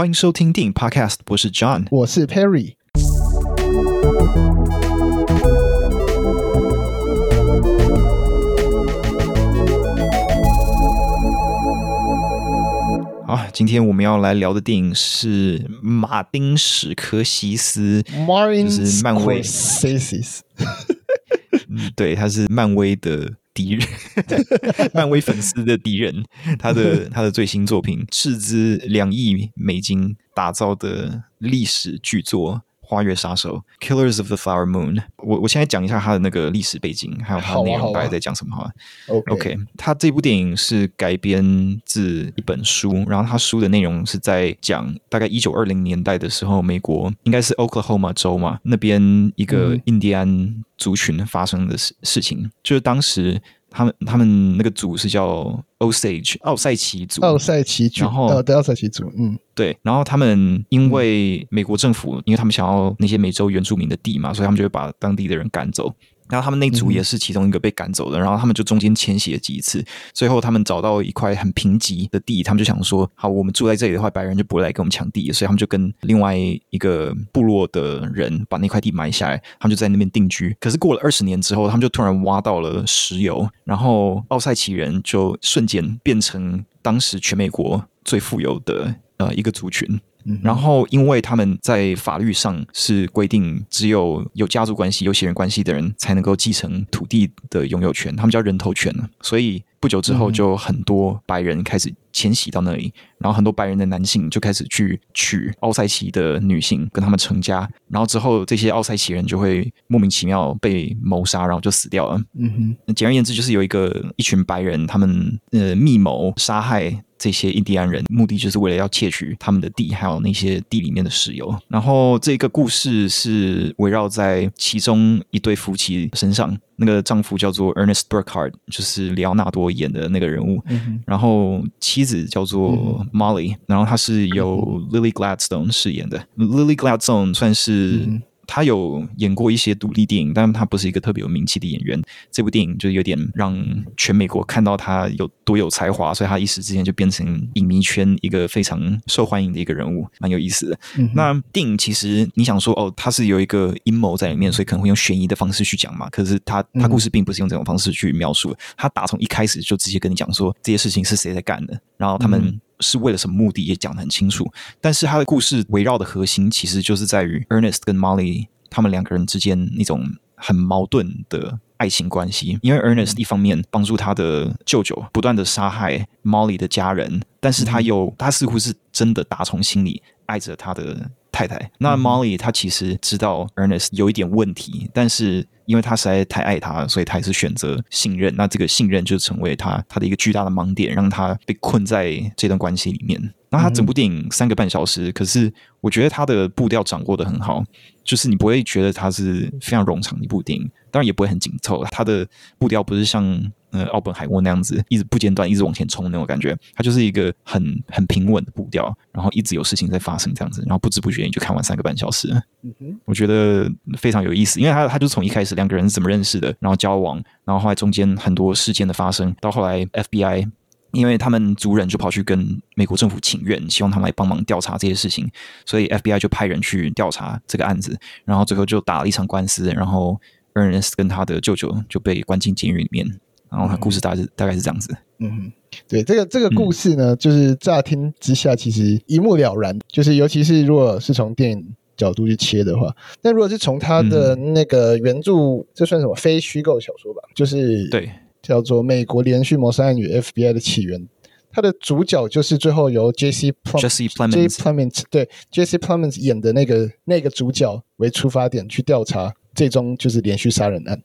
歡迎收聽電影趴 cast，我是 John，我是 Perry。好，今天我們要來聊的電影是《馬丁·史科西斯》，Marvin's 就是漫威。Scorsese 哈。 嗯，對，他是漫威的。敵人， 漫威粉絲的敵人，他的他的最新作品，斥資兩億美金打造的歷史巨作。花月殺手 Killers of the Flower Moon，我我現在講一下它的那個歷史背景，還有它的內容，大概在講什麼？好，OK，它這部電影是改編自一本書，然後它書的內容是在講大概一九二零年代的時候，美國應該是 Oklahoma 州嘛，那邊一個印第安族群發生的事事情，嗯、就是當時。他們他們那個組是叫 Osage 奧賽奇組，奧賽奇組，然後德、哦、奧賽奇組，嗯，對，然後他們因為美國政府，嗯、因為他們想要那些美洲原住民的地嘛，所以他們就會把當地的人趕走。然後他們那組也是其中一個被趕走的，嗯、然後他們就中間遷徙了幾次，最後他們找到一塊很貧瘠的地，他們就想說，好，我們住在這裡的話，白人就不會來跟我們搶地，所以他們就跟另外一個部落的人把那塊地買下來，他們就在那邊定居。可是過了二十年之後，他們就突然挖到了石油，然後奧賽奇人就瞬間變成當時全美國最富有的呃一個族群。然後，因為他們在法律上是規定，只有有家族關係、有血緣關係的人才能夠繼承土地的擁有權，他們叫人頭權了。所以不久之後，就很多白人開始遷徙到那裡。嗯然後很多白人的男性就開始去娶奧塞奇的女性，跟他們成家。然後之後這些奧塞奇人就會莫名其妙被謀殺，然後就死掉了。嗯哼。簡而言之，就是有一個一群白人，他們呃密謀殺害這些印第安人，目的就是為了要竊取他們的地，還有那些地裡面的石油。然後這個故事是圍繞在其中一對夫妻身上，那個丈夫叫做 Ernest Burkhart，就是里奧納多演的那個人物，嗯哼。然後妻子叫做、嗯。Molly，然後他是由 Lily Gladstone 飾演的。Lily Gladstone 算是，嗯、哼他有演過一些獨立電影，但他不是一個特別有名氣的演員。這部電影就有點讓全美國看到他有多有才華，所以他一時之間就變成影迷圈一個非常受歡迎的一個人物，蠻有意思的。嗯、哼那電影其實你想說哦，他是有一個陰謀在裡面，所以可能會用懸疑的方式去講嘛？可是他，嗯、哼他故事並不是用這種方式去描述，他打從一開始就直接跟你講說這些事情是誰在幹的，然後他們，嗯。是為了什麼目的，也講得很清楚，但是他的故事圍繞的核心其實就是在於 Ernest 跟 Molly 他們兩個人之間那種很矛盾的愛情關係。因為 Ernest 一方面幫助他的舅舅不斷地殺害 Molly 的家人，但是他又他似乎是真的打從心裡愛着他的太太。那 Molly 她其實知道 Ernest 有一點問題，但是。因為他實在太愛他，所以他還是選擇信任。那這個信任就成為他他的一個巨大的盲點，讓他被困在這段關係裡面。那他整部電影三個半小時，嗯、可是我覺得他的步調掌握得很好，就是你不會覺得他是非常冗長的一部電影，當然也不會很緊湊。他的步調不是像。嗯，呃，奧本海默那樣子一直不間斷，一直往前衝的那種感覺，他就是一個很很平穩的步調，然後一直有事情在發生這樣子，然後不知不覺你就看完三個半小時，嗯哼，我覺得非常有意思，因為他他就從一開始兩個人是怎麼認識的，然後交往，然後後來中間很多事件的發生，到後來 FBI 因為他們族人就跑去跟美國政府請願，希望他們來幫忙調查這些事情，所以 FBI 就派人去調查這個案子，然後最後就打了一場官司，然後 Ernest 跟他的舅舅就被關進監獄裡面。然後他故事大致、嗯、大概是這樣子，嗯，對，這個這個故事呢，嗯、就是乍聽之下其實一目了然，就是尤其是如果是從電影角度去切的話，那如果是從他的那個原著，嗯、哼這算什麼非虛構小說吧？就是對，叫做《美國連續謀殺案與 FBI 的起源》，它的主角就是最後由 Jesse Plemons、Jesse Plemons、Jesse Plemons 對 Jesse Plemons 演的那個那個主角為出發點去調查，最終就是連續殺人案，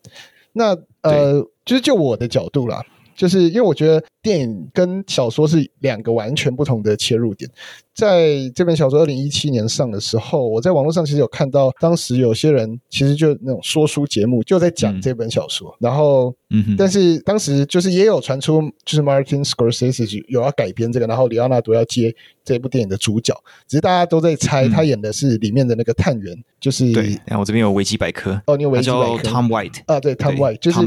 那，呃，對就是就我的角度啦。就是因為我覺得電影跟小說是兩個完全不同的切入點。在這本小說二零一七年上的時候，我在網絡上其實有看到，當時有些人其實就那種說書節目就在講這本小說。然後，嗯哼，但是當時就是也有傳出，就是 Martin Scorsese 有要改編這個，然後李奧納多要接這部電影的主角，只是大家都在猜他演的是裡面的那個探員，就是。對，然後我這邊有維基百科。哦，你有維基百科。他叫 Tom White。啊，對 okay，Tom White，就是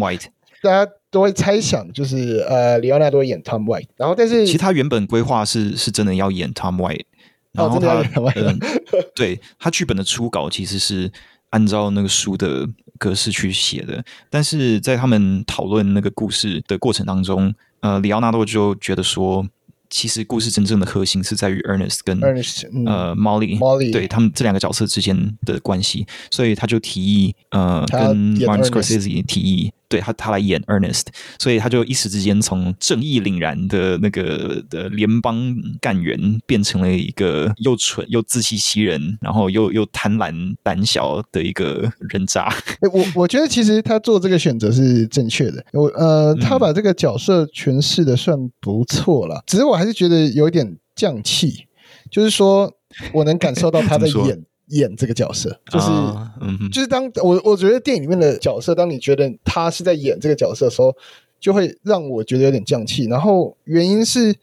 大家都會猜想，就是呃，李奧納多演 Tom White，然後但是其實他原本規劃是是真的要演 Tom White，然後他、哦，真的要演他嗎？ 嗯、對，他劇本的初稿其實是按照那個書的格式去寫的，但是在他們討論那個故事的過程當中，呃，李奧納多就覺得說，其實故事真正的核心是在於 Ernest 跟 Ernest、嗯、呃，Molly Molly 對他們這兩個角色之間的關係，所以他就提議呃，他演 跟 Martin Scorsese Ern 提議。對他，他來演 Ernest，所以他就一時之間從正義凛然的那個的聯邦幹員，變成了一個又蠢又自欺欺人，然後又又貪婪膽小的一個人渣。欸、我我覺得其實他做這個選擇是正確的，我呃，他把這個角色詮釋的算不錯了，嗯、只是我還是覺得有點匠氣，就是說，我能感受到他的演。演這個角色，就是，oh, mm hmm. 就是當我我覺得電影裡面的角色，當你覺得他是在演這個角色的時候，就會讓我覺得有點降氣。然後原因是，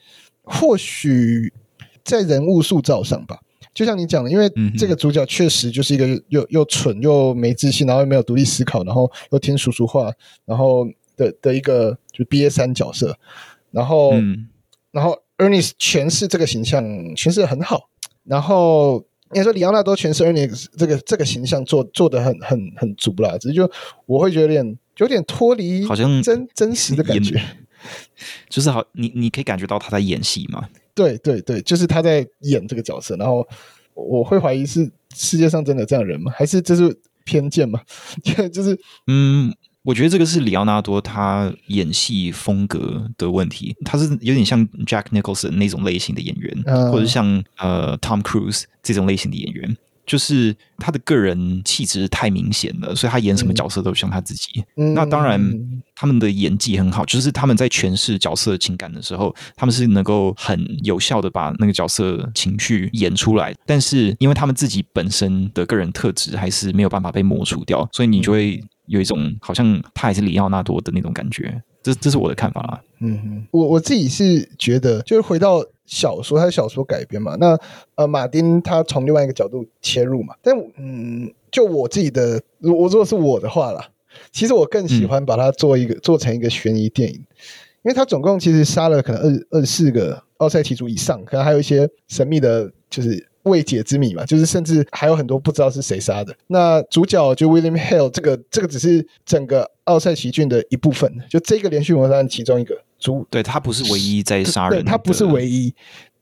或許在人物塑造上吧，就像你講的，因為這個主角確實就是一個又、mm hmm. 又蠢又沒自信，然後又沒有獨立思考，然後又聽叔叔話，然後的的一個就癟三角色。然後，mm hmm. 然後 Ernest 詮釋這個形象詮釋得很好，然後。應該說，里昂納多詮釋 Ernest 這個這個形象做做得很很很足啦，只是就我會覺得有點有點脫離好像真真實的感覺，就是好，你你可以感覺到他在演戲嗎？對對對，就是他在演這個角色，然後我會懷疑是世界上真的這樣人嗎？還是這是偏見嗎？就是嗯。我覺得這個是李奧納多他演戲風格的問題，他是有點像 Jack Nicholson 那種類型的演員，或者是像呃 Tom Cruise 這種類型的演員，就是他的個人氣質太明顯了，所以他演什麼角色都像他自己。那當然，他們的演技很好，就是他們在詮釋角色情感的時候，他們是能夠很有效的把那個角色情緒演出來，但是因為他們自己本身的個人特質還是沒有辦法被抹除掉，所以你就會。有一種好像他也是李奧納多的那種感覺，這這是我的看法啦。嗯哼，我我自己是覺得，就是回到小說還是小說改編嘛？那呃，馬丁他從另外一個角度切入嘛。但嗯，就我自己的，我如果是我的話啦，其實我更喜歡把它做一個、嗯、做成一個懸疑電影，因為他總共其實殺了可能二二十四個奧塞奇族以上，可能還有一些神秘的，就是。未解之謎嘛，就是甚至還有很多不知道是誰殺的。那主角就 William Hale 這個，這個只是整個奧塞奇郡的一部分，就這個連續謀殺案其中一個主，對，他不是唯一在殺人的。對，他不是唯一。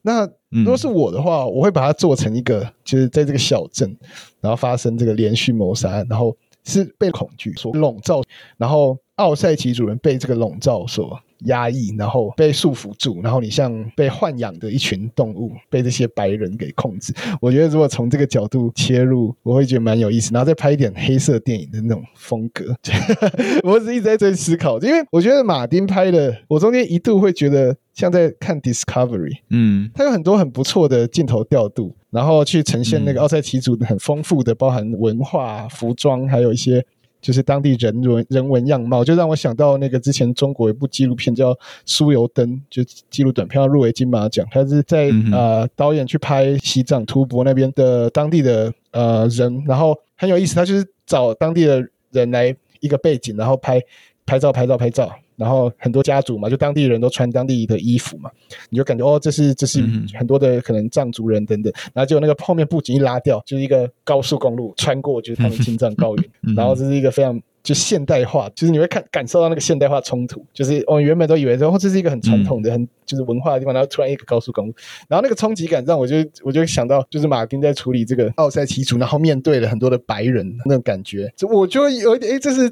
那如果是我的話，我會把它做成一個，就是在這個小鎮，然後發生這個連續謀殺案，然後是被恐懼所籠罩，然後，奧賽奇族人被這個籠罩所壓抑，然後被束縛住，然後你像被豢養的一群動物，被這些白人給控制。我覺得如果從這個角度切入，我會覺得蠻有意思。然後再拍一點黑色電影的那種風格， 我是一直在這思考，因為我覺得馬丁拍的，我中間一度會覺得像在看 Discovery。嗯，他有很多很不錯的鏡頭調度，然後去呈現那個奧賽奇族很豐富的，嗯、包含文化、服裝，還有一些。就是當地人文人文樣貌，就讓我想到那個之前中國有一部紀錄片叫《酥油燈》，就紀錄短片入圍金馬獎。他是在、嗯、哼呃，導演去拍西藏、吐蕃那邊的當地的呃人，然後很有意思，他就是找當地的人來一個背景，然後拍拍照、拍照、拍照，然後很多家族嘛，就當地人都穿當地的衣服嘛，你就感覺哦，這是這是很多的可能藏族人等等。嗯、哼然後結果那個後面布景一拉掉，就是一個高速公路穿過，就是他們青藏高原。嗯、哼然後這是一個非常就現代化，就是你會看感受到那個現代化衝突，就是我原本都以為說、哦、這是一個很傳統的很就是文化的地方，然後突然一個高速公路，然後那個衝擊感讓我就我就想到就是馬丁在處理這個奧賽奇族，然後面對了很多的白人那種、個、感覺，就我就有一點哎，這是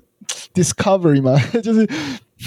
Discovery 嘛 就是。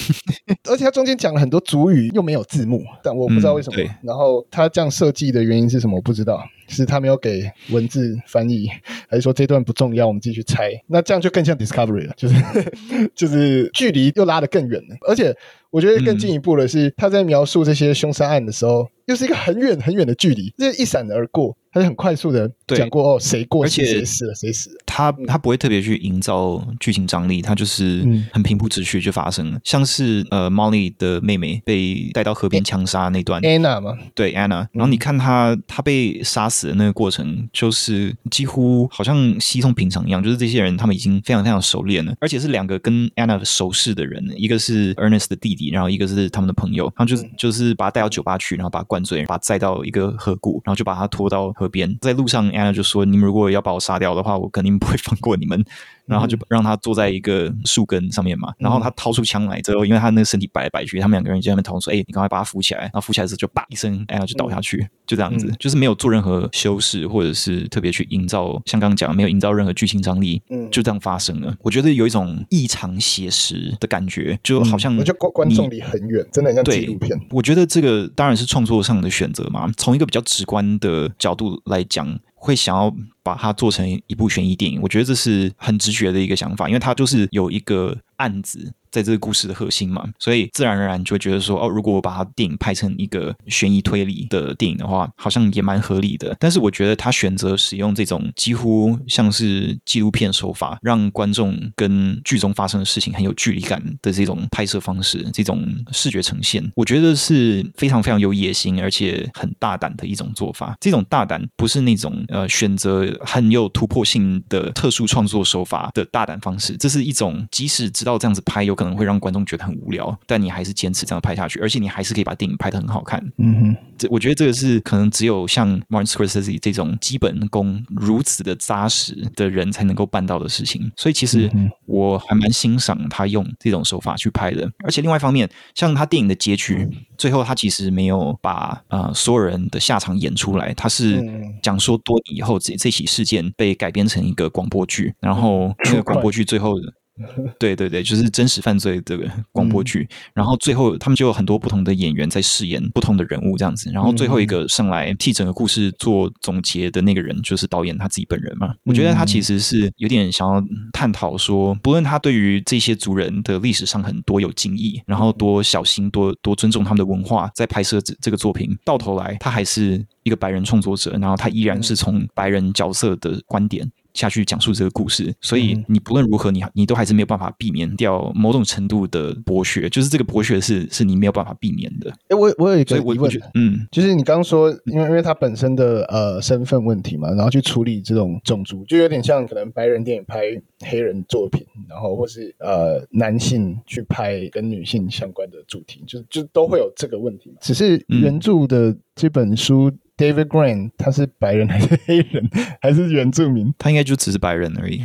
而且他中間講了很多族語，又沒有字幕，但我不知道為什麼。嗯、對。然後他這樣設計的原因是什麼？我不知道，是他沒有給文字翻譯，還是說這段不重要？我們繼續猜。那這樣就更像 Discovery 了，就是 就是距離又拉得更遠了，而且。我覺得更進一步的是，嗯、他在描述這些兇殺案的時候，又是一個很遠很遠的距離，就是一閃而過，他就很快速的講過對哦，誰過，而且誰死了誰死了。他、嗯、他不會特別去營造劇情張力，他就是很平鋪直敘就發生了，嗯、像是呃，Molly 的妹妹被帶到河邊槍殺那段、啊、Anna 嘛，對 Anna，然後你看他他被殺死的那個過程，就是幾乎好像稀鬆平常一樣，就是這些人他們已經非常非常熟練了，而且是兩個跟 Anna 熟識的人，一個是 Ernest 的弟弟。然後一個是他們的朋友，然後就是、嗯、就是把他帶到酒吧去，然後把他灌醉，把他載到一個河谷，然後就把他拖到河邊。在路上，Anna 就說：“你們如果要把我殺掉的話，我肯定不會放過你們。”然後他就讓他坐在一個樹根上面嘛，嗯、然後他掏出槍來之後，嗯、因為他那個身體擺來擺去，他們兩個人就在那邊討論說：“哎，你趕快把他扶起來。”然後扶起來的時候就叭一聲，哎呀就倒下去，嗯、就這樣子，嗯、就是沒有做任何修飾或者是特別去營造，像剛剛講的，沒有營造任何劇情張力，嗯，就這樣發生了。我覺得有一種異常寫實的感覺，就好像我覺得觀觀眾離很遠，真的很像紀錄片。我覺得這個當然是創作上的選擇嘛，從一個比較直觀的角度來講。會想要把它做成一部懸疑電影，我覺得這是很直覺的一個想法，因為它就是有一個案子。在這個故事的核心嘛，所以自然而然就會覺得說，哦，如果我把它電影拍成一個懸疑推理的電影的話，好像也蠻合理的。但是我覺得他選擇使用這種幾乎像是紀錄片手法，讓觀眾跟劇中發生的事情很有距離感的這種拍攝方式、這種視覺呈現，我覺得是非常非常有野心而且很大膽的一種做法。這種大膽不是那種呃選擇很有突破性的特殊創作手法的大膽方式，這是一種即使知道這樣子拍有。可能會讓觀眾覺得很無聊，但你還是堅持這樣拍下去，而且你還是可以把電影拍得很好看。嗯哼，這我覺得這個是可能只有像 Martin Scorsese 這種基本功如此的紮實的人才能夠辦到的事情。所以其實我還蠻欣賞他用這種手法去拍的。而且另外一方面，像他電影的結局，最後他其實沒有把啊、呃、所有人的下場演出來，他是講說多年以後這這起事件被改編成一個廣播劇，然後這個廣播劇最後。 對對對，就是真實犯罪的廣播劇，嗯、然後最後他們就有很多不同的演員在飾演不同的人物這樣子，然後最後一個上來替整個故事做總結的那個人就是導演他自己本人嘛。嗯、我覺得他其實是有點想要探討說，不論他對於這些族人的歷史上很多有敬意，然後多小心多多尊重他們的文化，在拍攝這個作品，到頭來他還是一個白人創作者，然後他依然是從白人角色的觀點。嗯下去講述這個故事，所以你不論如何，你你都還是沒有辦法避免掉某種程度的剝削，就是這個剝削是是你沒有辦法避免的。哎、欸，我我有一個疑問，嗯，就是你剛說，因為因為他本身的呃身份問題嘛，然後去處理這種種族，就有點像可能白人電影拍黑人作品，然後或是呃男性去拍跟女性相關的主題，就就都會有這個問題。只是原著的這本書。嗯 David Grann 他是白人還是黑人還是原住民？他應該就只是白人而已。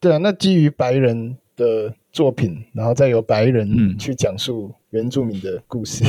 對啊，那基於白人的作品，然後再由白人去講述原住民的故事，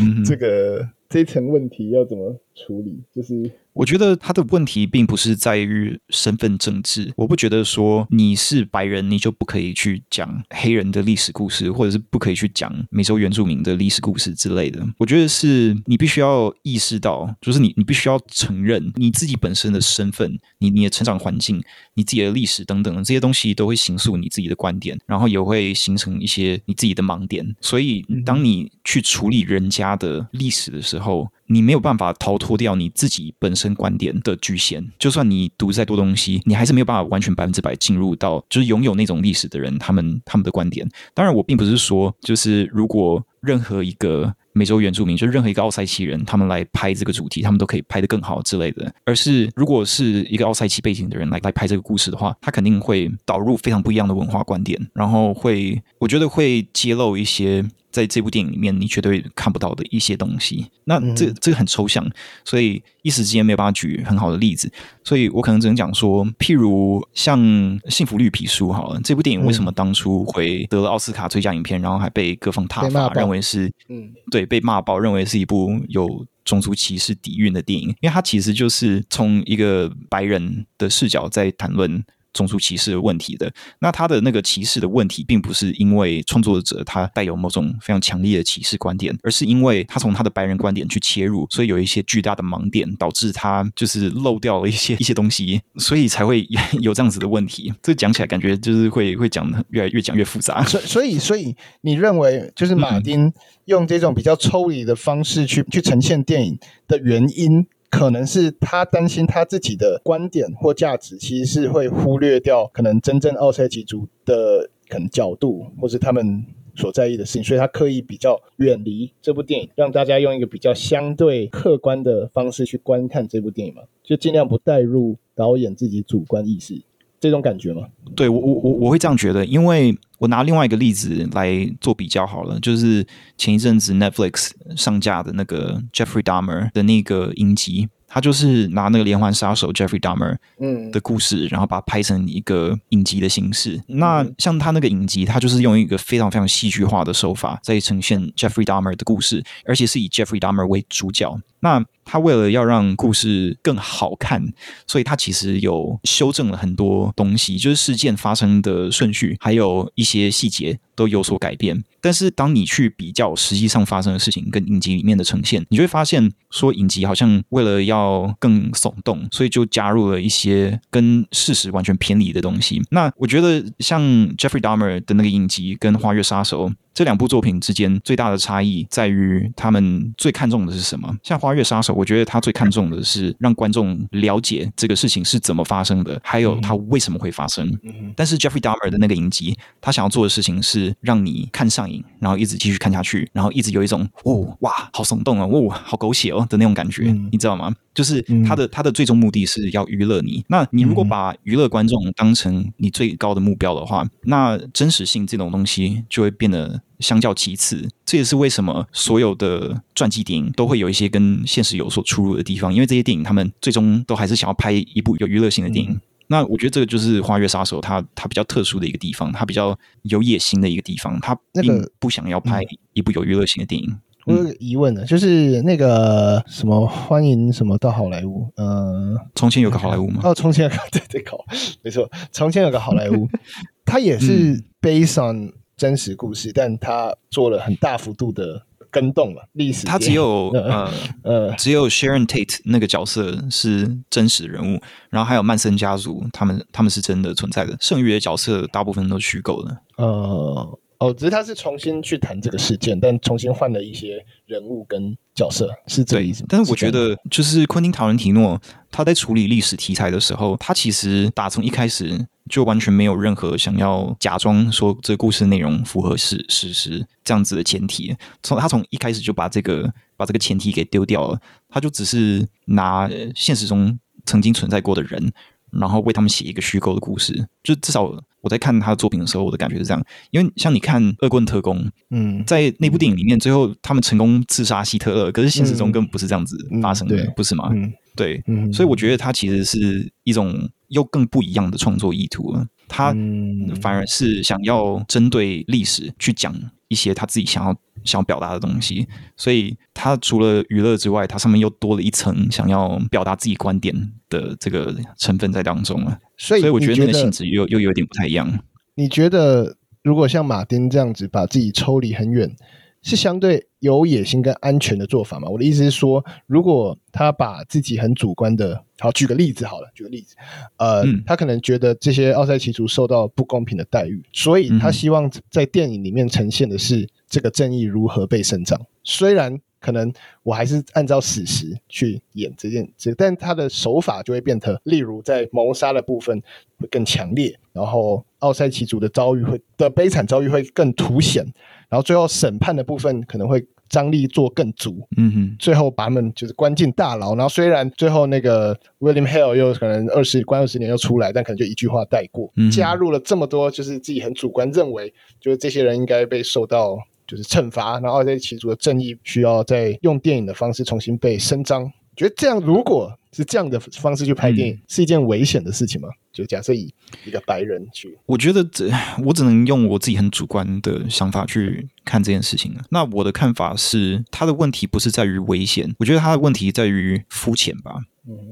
嗯、 這個這層問題要怎麼處理？就是。我覺得他的問題並不是在於身份政治。我不覺得說你是白人，你就不可以去講黑人的歷史故事，或者是不可以去講美洲原住民的歷史故事之類的。我覺得是你必須要意識到，就是你，你必須要承認你自己本身的身份，你你的成長環境，你自己的歷史等等這些東西都會形塑你自己的觀點，然後也會形成一些你自己的盲點。所以，當你去處理人家的歷史的時候，你沒有辦法逃脫掉你自己本身觀點的局限，就算你讀再多東西，你還是沒有辦法完全百分之百進入到就是擁有那種歷史的人他們他們的觀點。當然，我並不是說就是如果任何一個美洲原住民，就是任何一個奧賽奇人，他們來拍這個主題，他們都可以拍得更好之類的。而是如果是一個奧賽奇背景的人來來拍這個故事的話，他肯定會導入非常不一樣的文化觀點，然後會我覺得會揭露一些。在這部電影裡面，你絕對看不到的一些東西。那這、嗯、這個很抽象，所以一時之間沒有辦法舉很好的例子。所以我可能只能講說，譬如像《幸福綠皮書》哈，這部電影為什麼當初會得了奧斯卡最佳影片，嗯、然後還被各方撻伐，被罵爆，認為是嗯對，被罵爆，認為是一部有種族歧視底蘊的電影，因為它其實就是從一個白人的視角在談論。種族歧視的問題的，那他的那個歧視的問題，並不是因為創作者他帶有某種非常強烈的歧視觀點，而是因為他從他的白人觀點去切入，所以有一些巨大的盲點，導致他就是漏掉了一些一些東西，所以才會有，有這樣子的問題。這講起來感覺就是會會講的越來越講越複雜。所以所以所以，所以你認為就是馬丁、嗯、用這種比較抽離的方式去去呈現電影的原因？可能是他擔心他自己的觀點或價值，其實是會忽略掉可能真正奧塞奇族的可能角度，或是他們所在意的事情，所以他刻意比較遠離這部電影，讓大家用一個比較相對客觀的方式去觀看這部電影嘛，就盡量不帶入導演自己主觀意識。這種感覺嗎？對，我我我我會這樣覺得，因為我拿另外一個例子來做比較好了，就是前一陣子 Netflix 上架的那個 Jeffrey Dahmer 的那個影集，他就是拿那個連環殺手 Jeffrey Dahmer 的故事，嗯，然後把它拍成一個影集的形式。那像他那個影集，他就是用一個非常非常戲劇化的手法在呈現 Jeffrey Dahmer 的故事，而且是以 Jeffrey Dahmer 為主角。那他為了要讓故事更好看，所以他其實有修正了很多東西，就是事件發生的順序，還有一些細節都有所改變。但是當你去比較實際上發生的事情跟影集裡面的呈現，你就會發現說影集好像為了要更聳動，所以就加入了一些跟事實完全偏離的東西。那我覺得，像 Jeffrey Dahmer 的那個影集跟《花月殺手》這兩部作品之間最大的差異，在於他們最看重的是什麼？像花月月殺手，我覺得他最看重的是讓觀眾了解這個事情是怎麼發生的，還有他為什麼會發生。嗯、哼但是 Jeffrey Dahmer 的那個影集，他想要做的事情是讓你看上癮，然後一直繼續看下去，然後一直有一種哦哇，好聳動啊、哦，哦好狗血哦的那種感覺，嗯、你知道嗎？就是他的、嗯、他的最終目的是要娛樂你。那你如果把娛樂觀眾當成你最高的目標的話，那真實性這種東西就會變得相較其次。這也是為什麼所有的傳記電影都會有一些跟現實有所出入的地方，因為這些電影他們最終都還是想要拍一部有娛樂性的電影。嗯、那我覺得這個就是《花月殺手》它它比較特殊的一個地方，它比較有野心的一個地方，它並不想要拍一部有娛樂性的電影。我有、嗯、疑問的，就是那個什麼歡迎什麼到好萊塢。嗯、呃，從前有個好萊塢嗎？哦，從前有個對對，對搞，沒錯，從前有個好萊塢， 它也是 based on 真實故事，嗯、但它做了很大幅度的更動了歷史。它只有呃呃，呃只有 Sharon Tate 那個角色是真實人物，嗯、然後還有曼森家族，他們他們是真的存在的，剩餘的角色大部分都是虛構的。呃。哦，只是他是重新去談這個事件，但重新換了一些人物跟角色，是這個意思。但是我覺得，就是昆汀·塔倫提諾，他在處理歷史題材的時候，他其實打從一開始就完全沒有任何想要假裝說這個故事內容符合事實這樣子的前提。從他從一開始就把這個把這個前提給丟掉了，他就只是拿現實中曾經存在過的人。然後為他們寫一個虛構的故事，就至少我在看他的作品的時候，我的感覺是這樣。因為像你看《惡棍特工》，嗯，在那部電影裡面，最後他們成功刺殺希特勒，可是現實中根本不是這樣子發生的，嗯嗯、不是嗎？嗯、對，嗯、所以我覺得他其實是一種又更不一樣的創作意圖了。他反而是想要針對歷史去講。一些他自己想要想要表達的東西，所以他除了娛樂之外，他上面又多了一層想要表達自己觀點的這個成分在當中了。所以，所以我覺得那個性質又又有點不太一樣。你覺得如果像馬丁這樣子把自己抽離很遠，是相對有野心跟安全的做法嘛？我的意思是說，如果他把自己很主觀的，好，舉個例子好了，舉個例子，呃，他可能覺得這些奧塞奇族受到不公平的待遇，所以他希望在電影裡面呈現的是這個正義如何被伸張。雖然可能我還是按照史實去演這件事，但他的手法就會變得，例如在謀殺的部分會更強烈，然後奧塞奇族的遭遇會的悲慘遭遇會更凸顯。然後最後審判的部分可能會張力做更足，嗯哼，最後把他們就是關進大牢。然後雖然最後那個 William Hale 又可能二十關二十年又出來，但可能就一句話帶過。嗯哼，加入了這麼多，就是自己很主觀認為，就是這些人應該被受到就是懲罰，然後這些其族的正義需要再用電影的方式重新被伸張。覺得這樣如果。是這樣的方式去拍電影，嗯、是一件危險的事情嗎？就假設以一個白人去，我覺得這我只能用我自己很主觀的想法去看這件事情了。那我的看法是，他的問題不是在於危險，我覺得他的問題在於膚淺吧。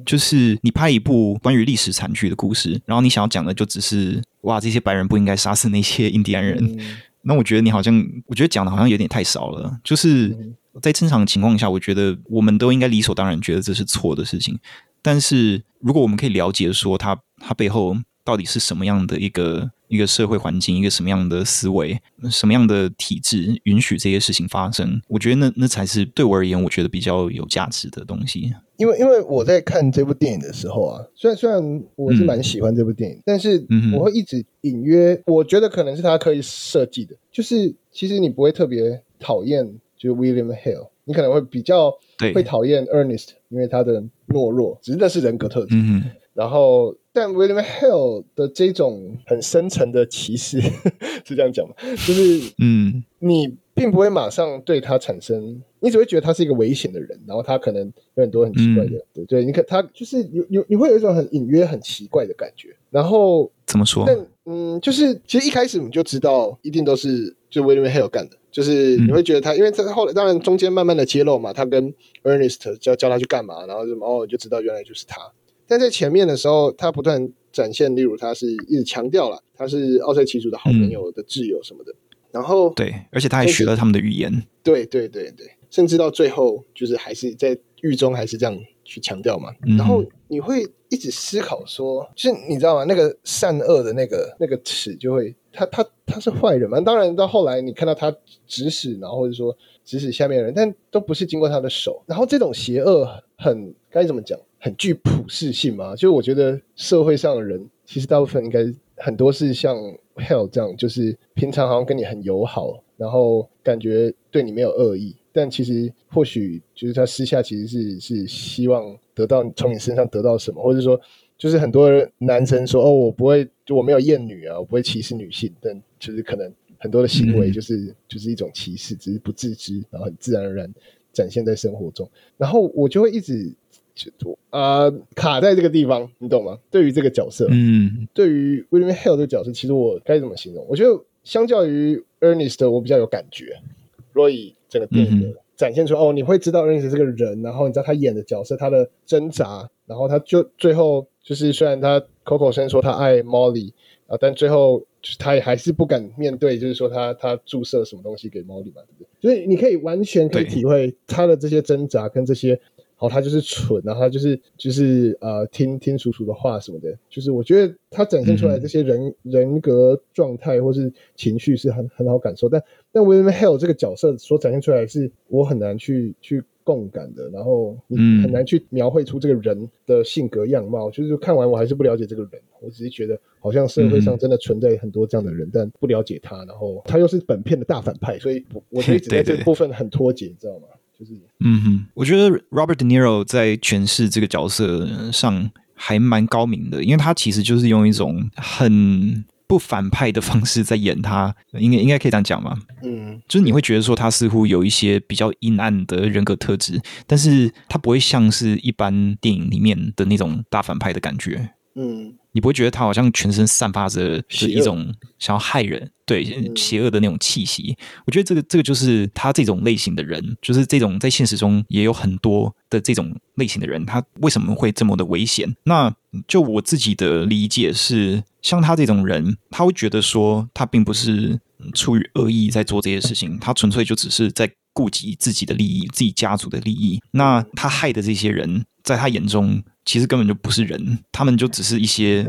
就是你拍一部關於歷史慘劇的故事，然後你想要講的就只是哇，這些白人不應該殺死那些印第安人。嗯、那我覺得你好像，我覺得講的好像有點太少了，就是。嗯在正常情況下，我覺得我們都應該理所當然覺得這是錯的事情。但是如果我們可以了解說它，它它背後到底是什麼樣的一個一個社會環境，一個什麼樣的思維，什麼樣的體製允許這些事情發生，我覺得那那才是對我而言，我覺得比較有價值的東西。因為因為我在看這部電影的時候啊，雖然雖然我是蠻喜歡這部電影，嗯、但是我會一直隱約，我覺得可能是它可以設計的，就是其實你不會特別討厭。就 William Hale，你可能會比較會討厭 Ernest，對因為他的懦弱，只是那是人格特質。嗯、哼然後，但 William Hale 的這種很深層的歧視 是這樣講嗎？就是，嗯，你並不會馬上對他產生，嗯、你只會覺得他是一個危險的人，然後他可能有很多很奇怪的，嗯、對，對，你可他就是你有你會有一種很隱約、很奇怪的感覺。然後怎麼說？但嗯，就是其實一開始你就知道，一定都是就 William Hale 幹的。就是你會覺得他，嗯、因為他後來當然中間慢慢的揭露嘛，他跟 Ernest 叫叫他去幹嘛，然後就哦，就知道原來就是他。但在前面的時候，他不斷展現，例如他是一直強調了，他是奧賽奇族的好朋友的摯友什麼的。嗯、然後對，而且他還學了他們的語言。對對對對，對，甚至到最後就是還是在獄中還是這樣去強調嘛。嗯、然後你會一直思考說，就是你知道嗎？那個善惡的那個那個尺就會。他他他是壞人嘛，當然，到後來你看到他指使，然後或者說指使下面的人，但都不是經過他的手。然後這種邪惡很該怎麼講？很具普世性嘛？就我覺得社會上的人，其實大部分應該很多是像 hell 這樣，就是平常好像跟你很友好，然後感覺對你沒有惡意，但其實或許就是他私下其實是是希望得到你，從你身上得到什麼，或者說。就是很多男生說哦，我不會，我沒有厭女啊，我不會歧視女性，但就是可能很多的行為就是就是一種歧視，只、就是不自知，然後很自然而然展現在生活中。然後我就會一直啊、呃、卡在這個地方，你懂嗎？對於這個角色，嗯， 對於 William Hale 這個角色，其實我該怎麼形容？我覺得相較於 Ernest，我比較有感覺。所以整個電影的展現出 哦，你會知道 Ernest 這個人，然後你知道他演的角色，他的掙扎，然後他就最後。就是雖然他口口聲說他愛 Molly 啊，但最後就是他也還是不敢面對，就是說他他注射什麼東西給 Molly 吧，對不對？所以你可以完全可以體會他的這些掙扎跟這些。好對、哦，他就是蠢，啊，然後他就是就是呃聽聽叔叔的話什麼的。就是我覺得他展現出來這些人，嗯、人格狀態或是情緒是很很好感受，但但 William Hale 這個角色所展現出來是，我很難去去。共感的，然後你很難去描繪出這個人的性格樣貌，嗯、就是看完我還是不了解這個人，我只是覺得好像社會上真的存在很多這樣的人，嗯、但不了解他，然後他又是本片的大反派，所以我就一直在這個部分很脫節，你知道嗎？就是，嗯哼，我覺得 Robert De Niro 在詮釋這個角色上還蠻高明的，因為他其實就是用一種很。不反派的方式在演他，應該應該可以這樣講吧？嗯，就是你會覺得說他似乎有一些比較陰暗的人格特質，但是他不會像是一般電影裡面的那種大反派的感覺。嗯，你不會覺得他好像全身散發着是一種想要害人、邪惡，對邪惡的那種氣息。我覺得這個這個就是他這種類型的人，就是這種在現實中也有很多的這種類型的人，他為什麼會這麼的危險？那就我自己的理解是，像他這種人，他會覺得說，他並不是出於惡意在做這些事情，他純粹就只是在顧及自己的利益、自己家族的利益。那他害的這些人，在他眼中，其實根本就不是人，他們就只是一些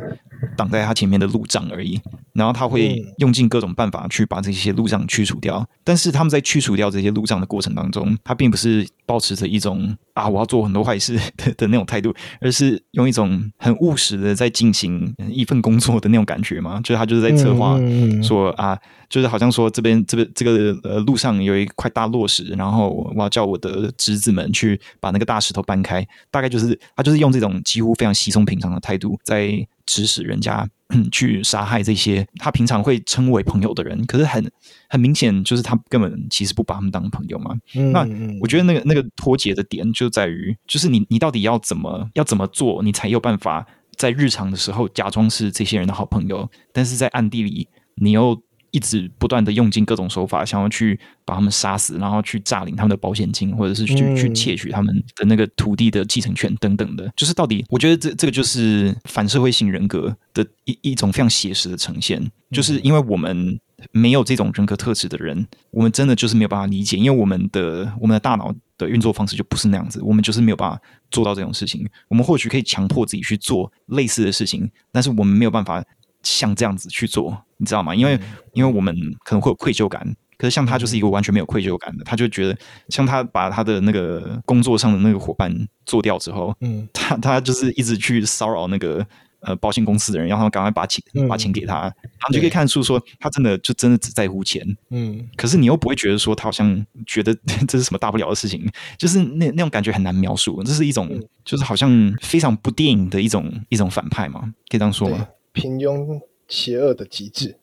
擋在他前面的路障而已。然後他會用盡各種辦法去把這些路障去除掉。但是他們在去除掉這些路障的過程當中，他並不是抱持着一種，啊，我要做很多壞事的,的,的那種態度，而是用一種很務實的在進行一份工作的那種感覺嘛。就是他就是在策劃說嗯嗯嗯啊。就是好像說這邊這、這個這個呃路上有一塊大落石，然後我要叫我的侄子們去把那個大石頭搬開。大概就是他就是用這種幾乎非常稀鬆平常的態度在指使人家去殺害這些他平常會稱為朋友的人。可是很很明顯，就是他根本其實不把他們當朋友嘛。嗯、那我覺得那個那個脫節的點就在於，就是你你到底要怎麼要怎麼做，你才有辦法在日常的時候假裝是這些人的好朋友，但是在暗地裡你又。一直不斷地用盡各種手法，想要去把他們殺死，然後去詐領他們的保險金，或者是去、嗯、去竊取他們的那個土地的繼承權等等的。就是到底，我覺得這這個就是反社會性人格的一一種非常寫實的呈現。就是因為我們沒有這種人格特質的人，我們真的就是沒有辦法理解，因為我們的我們的大腦的運作方式就不是那樣子，我們就是沒有辦法做到這種事情。我們或許可以強迫自己去做類似的事情，但是我們沒有辦法。像這樣子去做，你知道嗎？因為、嗯、因為我們可能會有愧疚感，可是像他就是一個完全沒有愧疚感的，嗯、他就覺得像他把他的那個工作上的那個夥伴做掉之後，嗯，他他就是一直去騷擾那個呃保險公司的人，要他們趕快把錢、嗯、把錢給他，然後就可以看出說他真的就真的只在乎錢，嗯。可是你又不會覺得說他好像覺得這是什麼大不了的事情，就是那那種感覺很難描述，這是一種、嗯、就是好像非常不電影的一種一種反派嘛，可以這樣說嗎？平庸邪惡的極致，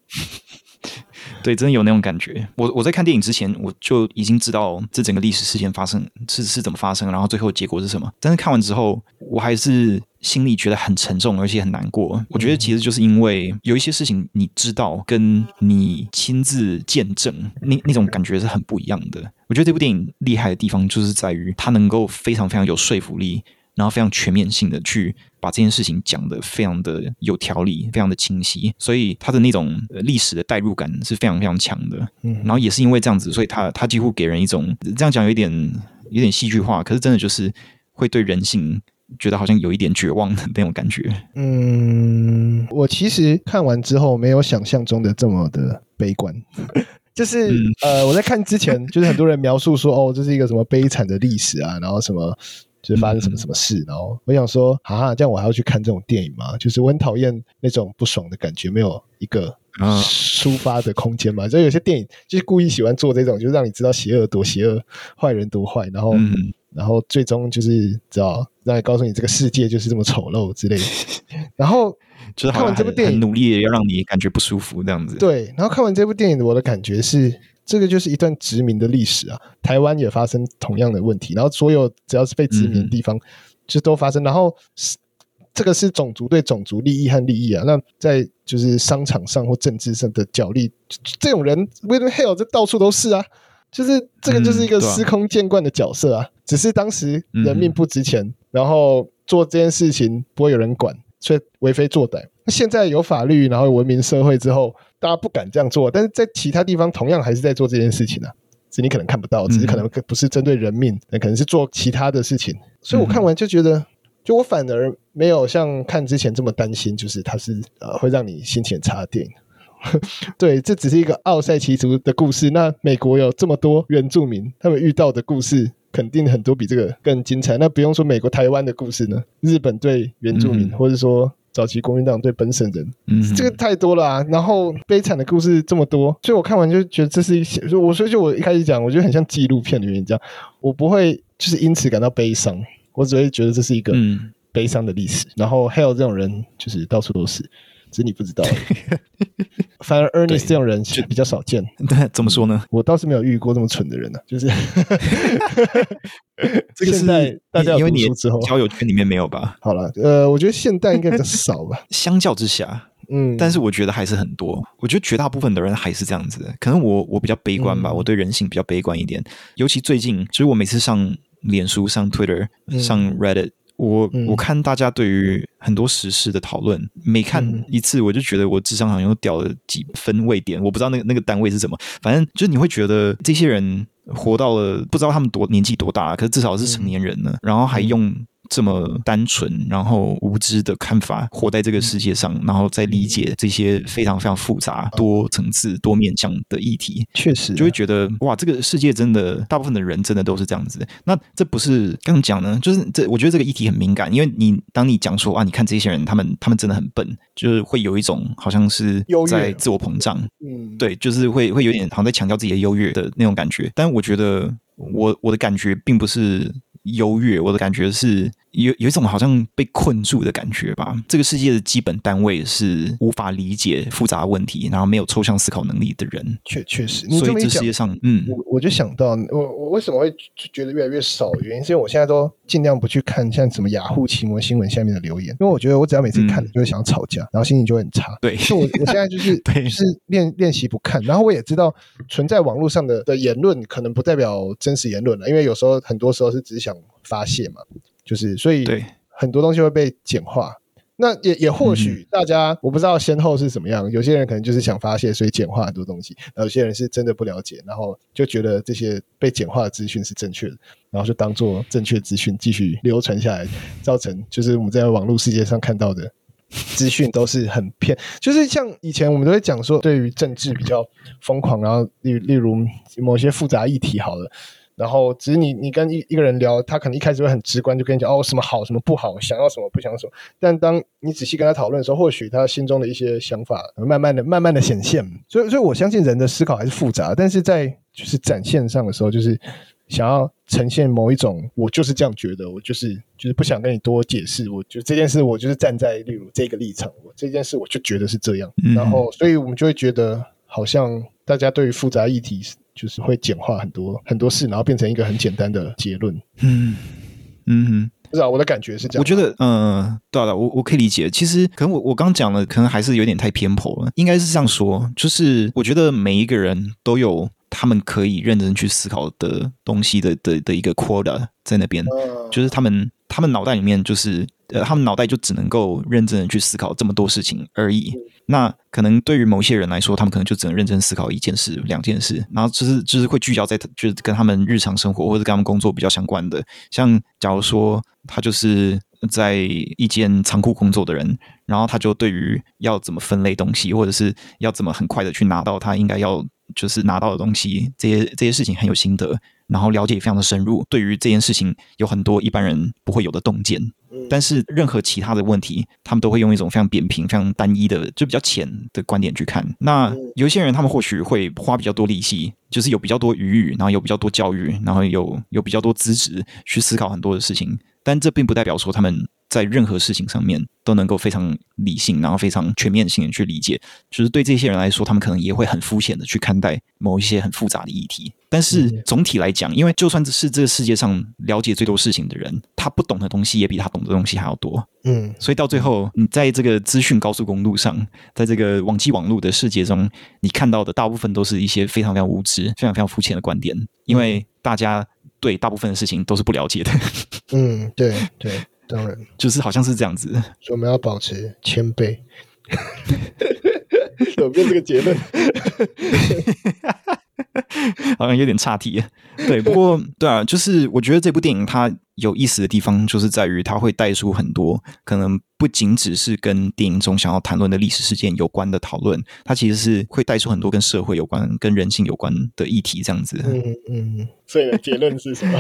對，真的有那種感覺。我我在看電影之前，我就已經知道這整個歷史事件發生是是怎麼發生，然後最後結果是什麼。但是看完之後，我還是心裡覺得很沉重，而且很難過。我覺得其實就是因為有一些事情，你知道，跟你親自見證那那種感覺是很不一樣的。我覺得這部電影厲害的地方，就是在於它能夠非常非常有說服力。然後非常全面性的去把這件事情講得非常的有條理，非常的清晰，所以他的那種歷史的代入感是非常非常強的。嗯，然後也是因為這樣子，所以他他幾乎給人一種這樣講有一點有點戲劇化，可是真的就是會對人性覺得好像有一點絕望的那種感覺。嗯，我其實看完之後沒有想象中的這麼的悲觀， 就是、嗯、呃，我在看之前就是很多人描述說哦，這是一個什麼悲慘的歷史啊，然後什麼。就是發生什麼什麼事，嗯、然後我想說啊，這樣我還要去看這種電影嗎？就是我很討厭那種不爽的感覺，沒有一個抒發的空間嘛。啊、就有些電影就是故意喜歡做這種，就是讓你知道邪惡多邪惡，壞人多壞，然後、嗯、然後最終就是知道讓你告訴你這個世界就是這麼醜陋之類的。 然後就是看完這部電影，努力的要讓你感覺不舒服這樣子。對，然後看完這部電影，我的感覺是。這個就是一段殖民的歷史啊，台灣也發生同樣的問題，然後所有只要是被殖民的地方，就都發生。嗯、然後這個是種族對種族利益和利益啊，那在就是商場上或政治上的角力，這種人 William Hale、嗯、這到處都是啊，就是這個就是一個司空見慣的角色啊，嗯、啊只是當時人命不值錢，嗯、然後做這件事情不會有人管，所以為非作歹。那現在有法律，然後有文明社會之後。大家不敢這樣做，但是在其他地方同樣還是在做這件事情啊，所以你可能看不到，只是可能不是針對人命，那可能是做其他的事情。所以我看完就覺得，就我反而沒有像看之前這麼擔心，就是它是呃會讓你心情差點。 對，這只是一個奧塞奇族的故事。那美國有這麼多原住民，他們遇到的故事肯定很多比這個更精彩。那不用說美國、台灣的故事呢？日本對原住民，或者說？早期國民黨對本省人，嗯、哼這個太多了。啊。然後悲慘的故事這麼多，所以我看完就覺得這是一些……我所以就我一開始講，我覺得很像紀錄片裡面這樣，我不會就是因此感到悲傷，我只會覺得這是一個悲傷的歷史。嗯、然後還有這種人，就是到處都是。其實你不知道， 反而 Ernest 對這種人是比較少見。對，怎麼說呢？我倒是沒有遇過這麼蠢的人呢、啊。就是 這個是現在大家有讀書之後，交友圈裡面沒有吧？好了，呃，我覺得現代應該比較少吧。 相較之下，嗯， 但是我覺得還是很多。嗯、我覺得絕大部分的人還是這樣子的。可能我我比較悲觀吧，嗯、我對人性比較悲觀一點。尤其最近，所、就、以、是、我每次上臉書、上 Twitter、嗯、上 Reddit。我、嗯、我看大家對於很多時事的討論，每看一次，我就覺得我智商好像又掉了幾分位點。我不知道那個那個單位是什麼，反正就是你會覺得這些人活到了不知道他們多年紀多大，可是至少是成年人呢，嗯、然後還用。這麼單純，然後無知的看法，活在這個世界上，然後再理解這些非常非常複雜、多層次、多面向的議題，確實就會覺得哇，這個世界真的，大部分的人真的都是這樣子。那這不是剛講呢，就是這，我覺得這個議題很敏感，因為你當你講說啊，你看這些人，他們他們真的很笨，就是會有一種好像是在自我膨脹，嗯，對，就是會會有點好像在強調自己的優越的那種感覺。但我覺得，我我的感覺並不是。優越，我的感覺是，有有一種好像被困住的感覺吧。這個世界的基本單位是無法理解複雜問題，然後沒有抽象思考能力的人，確確實。所以這世界上，嗯，我我就想到，我我為什麼會覺得越來越少？原因是因為我現在都盡量不去看像什麼雅虎奇摩新聞下面的留言，因為我覺得我只要每次看，就會想要吵架，嗯、然後心情就很差。對，就我我現在就是 對就是練練習不看，然後我也知道存在網絡上的的言論可能不代表真實言論了，因為有時候很多時候是只想發洩嘛。就是，所以很多東西會被簡化。對那也也或許大家我不知道先後是怎麼樣，嗯、有些人可能就是想發洩，所以簡化很多東西，然後有些人是真的不了解，然後就覺得這些被簡化的資訊是正確的，然後就當做正確資訊繼續流傳下來，造成就是我們在網絡世界上看到的資訊都是很偏。就是像以前我們都會講說，對於政治比較瘋狂，然後例如例如某些複雜議題，好了。然後，只是你你跟一一個人聊，他可能一開始會很直觀就跟你講哦什麼好什麼不好，想要什麼不想要什麼。但當你仔細跟他討論的時候，或許他心中的一些想法會慢慢的、慢慢的顯現。所以，所以我相信人的思考還是複雜，但是在就是展現上的時候，就是想要呈現某一種，我就是這樣覺得，我就是就是不想跟你多解釋，我就這件事我就是站在例如這個立場，我這件事我就覺得是這樣。然後，所以我們就會覺得好像大家對於複雜議題。就是會簡化很多很多事，然後變成一個很簡單的結論。嗯嗯，是、嗯、啊，我的感覺是這樣。我覺得，嗯、呃，對了、啊，我我可以理解。其實，可能我我剛講的，可能還是有點太偏頗了。應該是這樣說，就是我覺得每一個人都有他們可以認真去思考的東西的的的一個 quota 在那邊，嗯、就是他們他們腦袋裡面就是。呃，他們腦袋就只能夠認真的去思考這麼多事情而已。那可能對於某些人來說，他們可能就只能認真思考一件事、兩件事，然後就是就是會聚焦在就是跟他們日常生活或者跟他們工作比較相關的。像假如說他就是在一間倉庫工作的人，然後他就對於要怎麼分類東西，或者是要怎麼很快的去拿到他應該要就是拿到的東西，這些這些事情很有心得。然後了解，也非常的深入，對於這件事情有很多一般人不會有的洞見。但是任何其他的問題，他們都會用一種非常扁平、非常單一的，就比較淺的觀點去看。那有一些人，他們或許會花比較多力氣，就是有比較多語語，然後有比較多教育，然後有有比較多資質去思考很多的事情。但這並不代表說他們在任何事情上面都能夠非常理性，然後非常全面性的去理解。就是對這些人來說，他們可能也會很膚淺的去看待某一些很複雜的議題。但是總體來講，嗯、因為就算是這個世界上了解最多事情的人，他不懂的東西也比他懂的東西還要多。嗯，所以到最後，你在這個資訊高速公路上，在這個網際網路的世界中，你看到的大部分都是一些非常非常無知、非常非常膚淺的觀點，因為大家對大部分的事情都是不了解的。嗯，對對，當然，就是好像是這樣子。所以我們要保持謙卑，走 遍 這個結論。 好像有點岔題，對，不過對啊，就是我覺得這部電影它有意思的地方，就是在於它會帶出很多可能不僅只是跟電影中想要談論的歷史事件有關的討論。它其實是會帶出很多跟社會有關、跟人性有關的議題，這樣子。嗯嗯。所以的結論是什麼？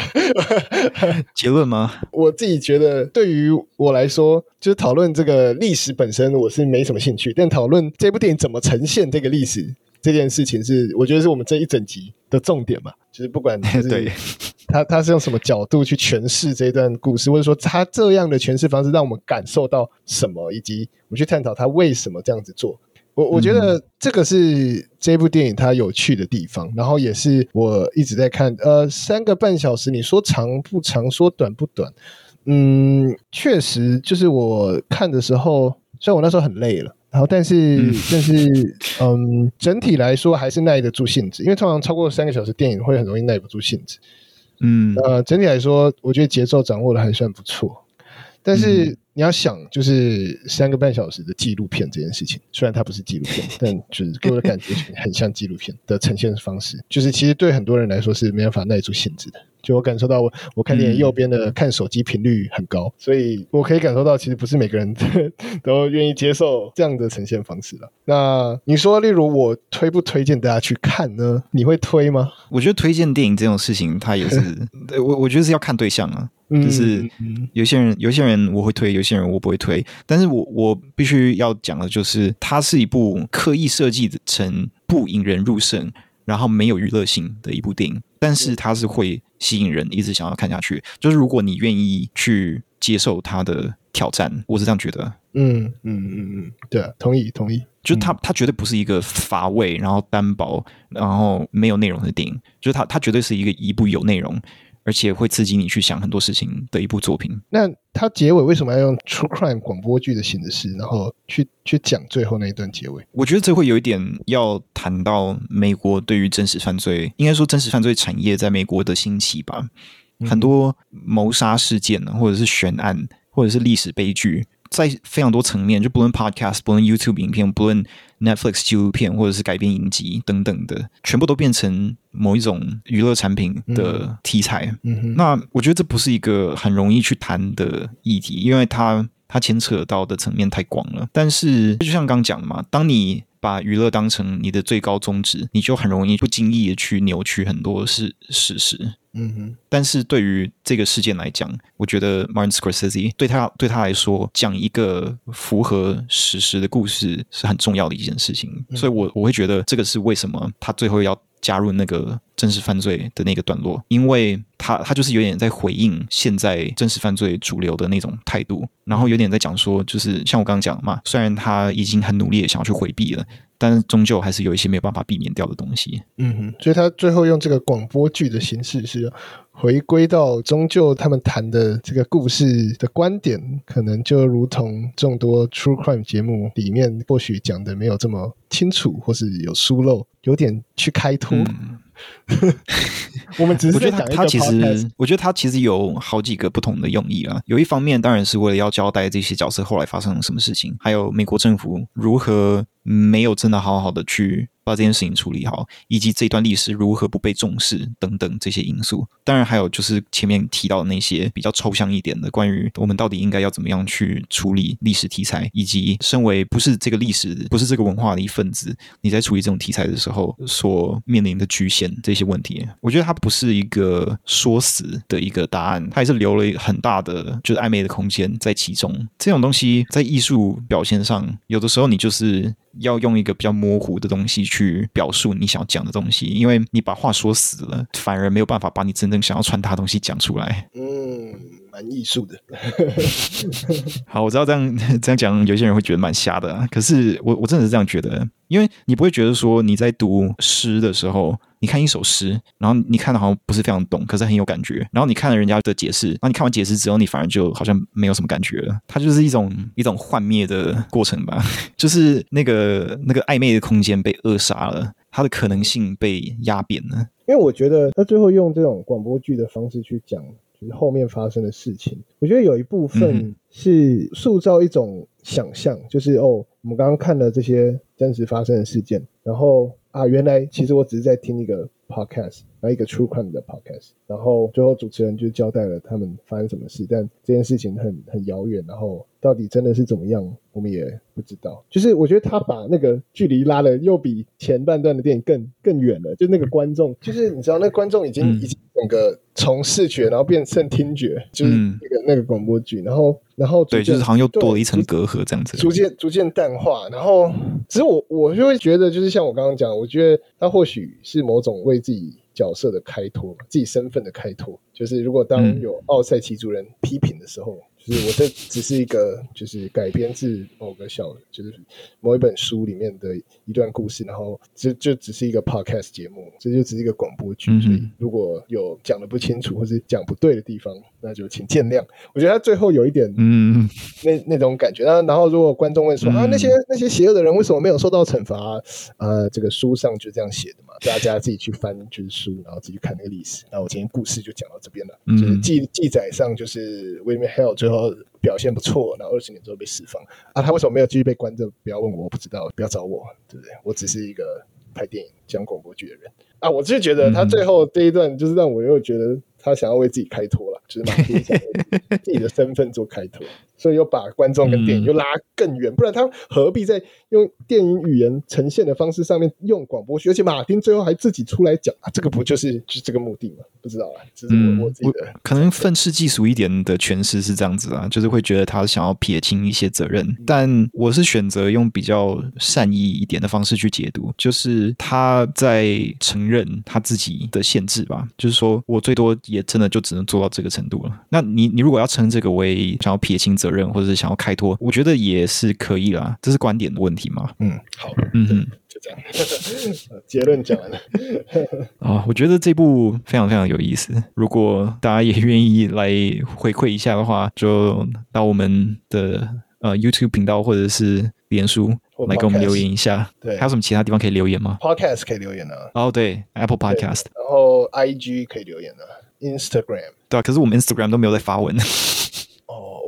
結論嗎？我自己覺得，對於我來說，就是討論這個歷史本身，我是沒什麼興趣，但討論這部電影怎麼呈現這個歷史。這件事情是，我覺得是我們這一整集的重點吧，就是不管他是對 他他是用什麼角度去詮釋這一段故事，或者說他這樣的詮釋方式讓我們感受到什麼，以及我們去探討他為什麼這樣子做。我我覺得這個是這部電影它有趣的地方，然後也是我一直在看。呃，三個半小時，你說長不長，說短不短，嗯，確實就是我看的時候，雖然我那時候很累了。好，但是，嗯、但是，嗯，整體來說還是耐得住性子，因為通常超過三個小時電影會很容易耐不住性子。嗯，呃，整體來說，我覺得節奏掌握的還算不錯，但是，嗯你要想，就是三個半小時的紀錄片這件事情，雖然它不是紀錄片，但就是給我的感覺很像紀錄片的呈現方式。 就是其實對很多人來說是沒辦法耐住性子的。就我感受到我，我看電影右邊的看手機頻率很高，嗯、所以我可以感受到，其實不是每個人都願意接受這樣的呈現方式了。那你說，例如我推不推薦大家去看呢？你會推嗎？我覺得推薦電影這種事情，它也是、嗯、我我覺得是要看對象啊。就是有些人，嗯、有些人我會推，有些人我不會推。但是我我必須要講的就是，它是一部刻意設計成不引人入勝，然後沒有娛樂性的一部電影。但是它是會吸引人一直想要看下去，就是如果你願意去接受它的挑戰，我是這樣覺得。嗯嗯嗯嗯，對啊，同意同意。就是它，嗯、它絕對不是一個乏味，然後單薄，然後沒有內容的電影。就是它它絕對是一個一部有內容。而且會刺激你去想很多事情的一部作品。那它結尾為什麼要用 true crime 廣播劇的形式，然後去去講最後那一段結尾？我覺得這會有一點要談到美國對於真實犯罪，應該說真實犯罪產業在美國的興起吧。嗯、很多謀殺事件呢，或者是懸案，或者是歷史悲劇。在非常多層面，就不論 Podcast，不論 YouTube 影片，不論 Netflix 紀錄片，或者是改編影集等等的，全部都變成某一種娛樂產品的題材。嗯哼，嗯哼。那我覺得這不是一個很容易去談的議題，因為它它牽扯到的層面太廣了。但是就像剛講的嘛，當你把娛樂當成你的最高宗旨，你就很容易不經意的去扭曲很多事，事實。嗯哼，但是對於這個事件來講，我覺得 Martin Scorsese 對他對他來說講一個符合史實的故事是很重要的一件事情，嗯、哼所以我，我我會覺得這個是為什麼他最後要加入那個真實犯罪的那個段落，因為他他就是有點在回應現在真實犯罪主流的那種態度，然後有點在講說，就是像我剛剛講的嘛，雖然他已經很努力想要去迴避了。但是終究還是有一些沒有辦法避免掉的東西。嗯哼，所以他最後用這個廣播劇的形式是。回歸到，終究他們談的這個故事的觀點，可能就如同眾多 true crime 節目裡面，或許講的沒有這麼清楚，或是有疏漏，有點去開脫。嗯、 我們只是我覺得他，他其實，我覺得他其實有好幾個不同的用意啊。有一方面當然是為了要交代這些角色後來發生了什麼事情，還有美國政府如何沒有真的好好的去。把這件事情處理好，以及這段歷史如何不被重視等等這些因素，當然還有就是前面提到的那些比較抽象一點的，關於我們到底應該要怎麼樣去處理歷史題材，以及身為不是這個歷史不是這個文化的一份子，你在處理這種題材的時候所面臨的侷限這些問題，我覺得它不是一個說死的一個答案，它也是留了一個很大的就是曖昧的空間在其中。這種東西在藝術表現上，有的時候你就是要用一個比較模糊的東西去。去表述你想要講的東西，因為你把話說死了，反而沒有辦法把你真正想要傳達的東西講出來。嗯。蠻藝術的， 好，我知道這樣這樣講，有些人會覺得蠻瞎的啊，可是我我真的是這樣覺得，因為你不會覺得說你在讀詩的時候，你看一首詩，然後你看的好像不是非常懂，可是很有感覺，然後你看了人家的解釋，然後你看完解釋之後，你反而就好像沒有什麼感覺了，它就是一種一種幻滅的過程吧，就是那個那個曖昧的空間被扼殺了，它的可能性被壓扁了，因為我覺得他最後用這種廣播劇的方式去講。就是後面發生的事情，我覺得有一部分是塑造一種想象，嗯、就是哦，我們剛剛看了這些真實發生的事件，然後啊，原來其實我只是在聽一個，嗯 podcast，然後一個 true crime 的 podcast，然後最後主持人就交代了他們發生什麼事，但這件事情很很遙遠，然後到底真的是怎麼樣，我們也不知道。就是我覺得他把那個距離拉得又比前半段的電影更更遠了，就那個觀眾，就是你知道，那個、觀眾已經、嗯、已經整個從視覺然後變成聽覺，就是那個、嗯、那個廣播劇，然後。然後對，就是好像又多了一層隔閡這樣子，逐漸逐漸淡化。然後，其實我我就會覺得，就是像我剛剛講，我覺得他或許是某種為自己角色的開脫，自己身份的開脫。就是如果當有奧賽奇族人批評的時候。嗯就是我這只是一個，就是改編自某個小，就是某一本書裡面的一段故事，然後這就只是一個 podcast 節目，這就只是一個廣播劇，所以如果有講的不清楚或者講不對的地方，那就請見諒。我覺得他最後有一點，嗯，那那種感覺啊。然後如果觀眾問說啊，那些那些邪惡的人為什麼沒有受到懲罰？啊、呃、這個書上就這樣寫的。大家自己去翻就是書，然後自己去看那個歷史。那我今天故事就講到這邊了，嗯、就是記記載上就是 William Hale 最後表現不錯，然後二十年之後被釋放。啊，他為什麼沒有繼續被關着？不要問我，我不知道，不要找我，對不對？我只是一個拍電影、講廣播劇的人。啊，我就覺得他最後這一段就是讓我又覺得他想要為自己開脫了，就是把自己的身份做開脫。 所以又把觀眾跟電影又拉更遠，嗯、不然他何必在用電影語言呈現的方式上面用廣播劇？而且馬丁最後還自己出來講啊，這個不就是、嗯、就這個目的嗎？不知道啊，只是、嗯、我自己可能憤世嫉俗一點的詮釋是這樣子啊，就是會覺得他想要撇清一些責任。但我是選擇用比較善意一點的方式去解讀，就是他在承認他自己的限制吧，就是說我最多也真的就只能做到這個程度了。那你你如果要稱這個為想要撇清責任。或者是想要開脫，我覺得也是可以啦，這是觀點的問題嘛。嗯，好，嗯嗯哼，就這樣， 結論講完了啊、 哦。我覺得這部非常非常有意思，如果大家也願意來回饋一下的話，就到我們的、呃、YouTube 頻道或者是臉書或 podcast，來給我們留言一下。對，還有什麼其他地方可以留言嗎？Podcast 可以留言的、啊。哦，對，Apple Podcast 對。然後 IG 可以留言的、啊，Instagram。對啊，可是我們 Instagram 都沒有在發文。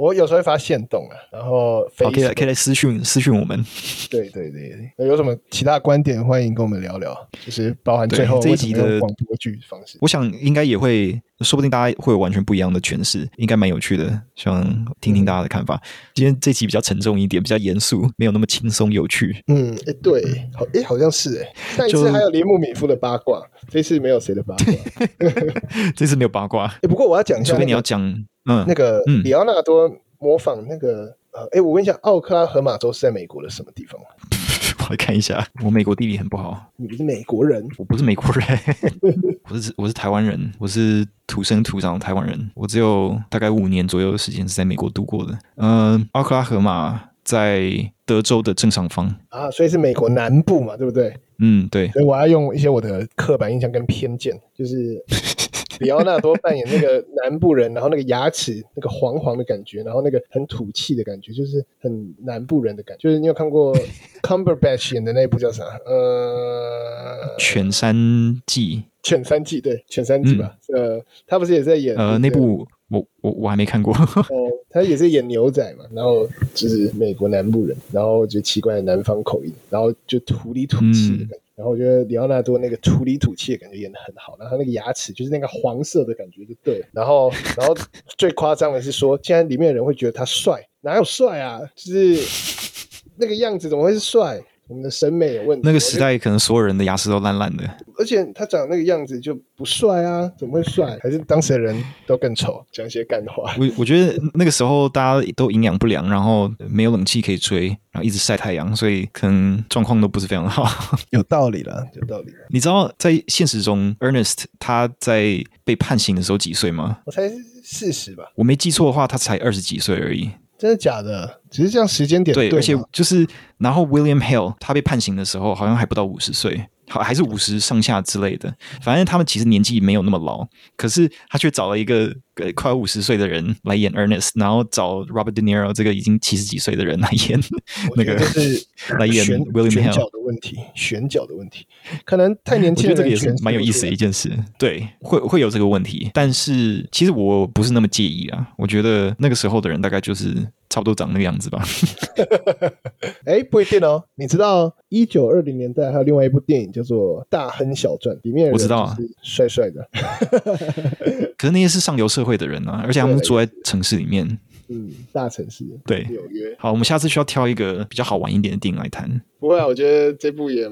我有時候會發現動啊，然後可以可以來私訊私訊我們。對對對，有什麼其他觀點，歡迎跟我們聊聊。就是包含最後這集的廣播劇方式，我想應該也會，說不定大家會有完全不一樣的詮釋，應該蠻有趣的。希望聽聽大家的看法。嗯、今天這集比較沉重一點，比較嚴肅，沒有那麼輕鬆有趣。嗯，對，好哎好像是哎，但是還有鈴木敏夫的八卦。這次沒有誰的八卦， 這次沒有八卦、欸。不過我要講一下、那個，除非你要講，嗯，那個，嗯，李奧納多模仿那個，嗯、呃誒，我問一下，奧克拉荷馬州是在美國的什麼地方？ 我來看一下，我美國地理很不好。你不是美國人？我不是美國人， 我是我是台灣人，我是土生土長的台灣人。我只有大概五年左右的時間是在美國度過的。嗯、呃，奧克拉荷馬在德州的正上方啊，所以是美國南部嘛，對不對？嗯，對，所以我要用一些我的刻板印象跟偏見，就是李奧納多扮演那個南部人， 然後那個牙齒那個黃黃的感覺，然後那個很土氣的感覺，就是很南部人的感覺。就是你有看過 Cumberbatch 演的那部叫啥？呃，犬山記，犬山記對，犬山記吧？嗯、呃，他不是也在演？呃，那部。我我我還沒看過。 哦，他也是演牛仔嘛，然後就是美國南部人，然後就奇怪的南方口音，然後就土裡土氣的感覺。嗯、然後我覺得里奧納多那個土裡土氣的感覺演的很好，然後他那個牙齒就是那個黃色的感覺就對了。然後然後最誇張的是說，竟然 裡面的人會覺得他帥？哪有帥啊？就是那個樣子，怎麼會是帥？我們的審美有問題。那個時代可能所有人的牙齒都爛爛的，而且他長那個樣子就不帥啊，怎麼會帥？還是當時的人都更醜？講一些幹話。我我覺得那個時候大家都營養不良，然後沒有冷氣可以吹，然後一直曬太陽，所以可能狀況都不是非常好。 有道理了，有道理了。你知道在現實中，Ernest 他在被判刑的時候幾歲嗎？我猜四十吧。我沒記錯的話，他才二十幾歲而已。真的假的？只是這樣時間點對，對，而且就是，然後 William Hale 他被判刑的時候，好像還不到五十歲，好還是五十上下之類的，反正他們其實年紀沒有那麼老，可是他卻找了一個。快五十歲的人來演 Ernest，然後找 Robert De Niro 這個已經七十幾歲的人來演，那個，我覺得是來演 William Hale。選角的問題，選角的問題，可能太年輕了。這個也是蠻有意思的一件事，對，對，會會有這個問題，但是其實我不是那麼介意啊。我覺得那個時候的人大概就是差不多長那個樣子吧。哎、 欸，不一定哦。你知道一九二零年代還有另外一部電影叫做《大亨小傳》，裡面帥帥我知道啊，帥帥的。可是那些是上流社會。的人啊，而且他們住在城市裡面，嗯，大城市，對，紐約。好，我們下次需要挑一個比較好玩一點的電影來談。不會啊，我覺得這部也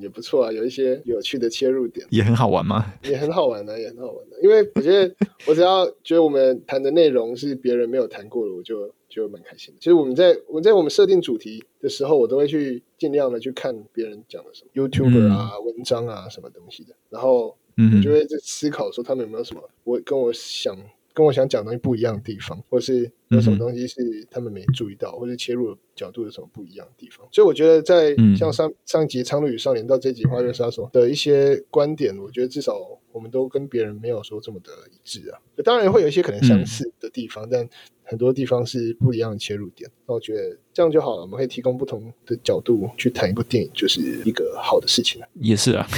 也不錯啊，有一些有趣的切入點，也很好玩嗎？也很好玩的，也很好玩的，因為我覺得我只要覺得我們談的內容是別人沒有談過的，我就就蠻開心的。其實我們在我們在我們設定主題的時候，我都會去盡量的去看別人講的什麼，嗯，YouTuber 啊、文章啊什麼東西的，然後嗯，就會思考說他們有沒有什麼我跟我想。跟我想講的不一樣的地方，或是有什麼東西是他們沒注意到，嗯、或是切入的角度有什麼不一樣的地方，所以我覺得在像上、嗯、上集《蒼鷺與少年》到這集《花月殺手》的一些觀點，我覺得至少我們都跟別人沒有說這麼的一致啊。當然會有一些可能相似的地方，嗯、但很多地方是不一樣的切入點。那我覺得這樣就好了，我們可以提供不同的角度去談一部電影，就是一個好的事情了。也是啊。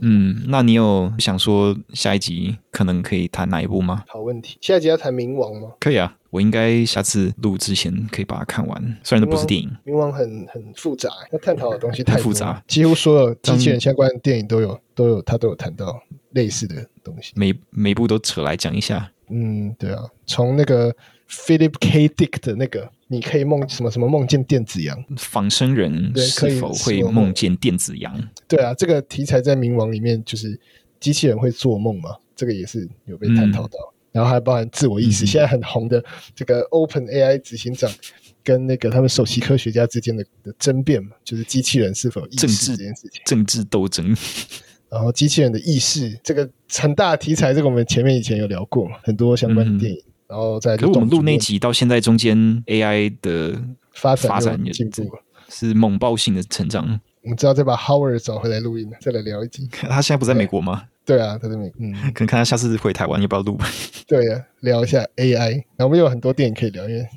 嗯，那你有想說下一集可能可以談哪一部嗎？好問題，下一集要談冥王嗎？可以啊，我應該下次錄之前可以把它看完。王雖然都不是電影，冥王很很複雜，他探討的東西太，太複雜，幾乎所有機器人相關的電影都有當都有它都有談到類似的東西。每每部都扯來講一下。嗯，對啊，從那個。Philip K. Dick 的那個，你可以夢什麼什麼夢見電子羊、仿生人是否會夢見電子羊？對啊，這個題材在《冥王》裡面就是機器人會做夢嘛，這個也是有被探討到。嗯、然後還包含自我意識，嗯、現在很紅的這個 OpenAI 執行長跟那個他們首席科學家之間的，的爭辯嘛，就是機器人是否有意識這件事情，政治，政治鬥爭。 然後機器人的意識這個很大的題材，這個我們前面以前有聊過很多相關的電影。嗯然後在可我們錄那集到現在中間，AI 的發展發展也進步了，是猛爆性的成長。我們知道再把 Howard 找回來錄音，再來聊一集。看他現在不在美國嗎？對，對啊，他在美國。嗯、可能看他下次回台灣要不要錄？對啊，聊一下 AI，我們有很多電影可以聊，因為